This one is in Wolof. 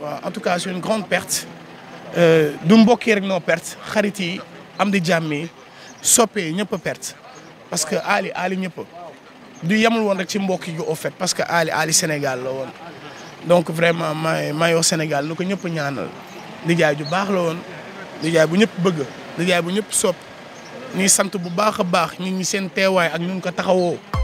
waaw en tout cas c'est une grande perte euh, du mbokk rek noo perte xarit yi am di jàmm yi soppee ñëpp a perte parce que Ali Ali ñëpp du yemul woon rek ci mbokk yi au parce que Ali Ali Sénégal la woon donc vraiment may mayoo Sénégal lu ko ñëpp ñaanal di nijaay ju baax la woon nijaay bu ñëpp bëgg nijaay bu ñëpp sop ñuy sant bu baax a baax ñun ñi seen teewaay ak ñun ko taxawoo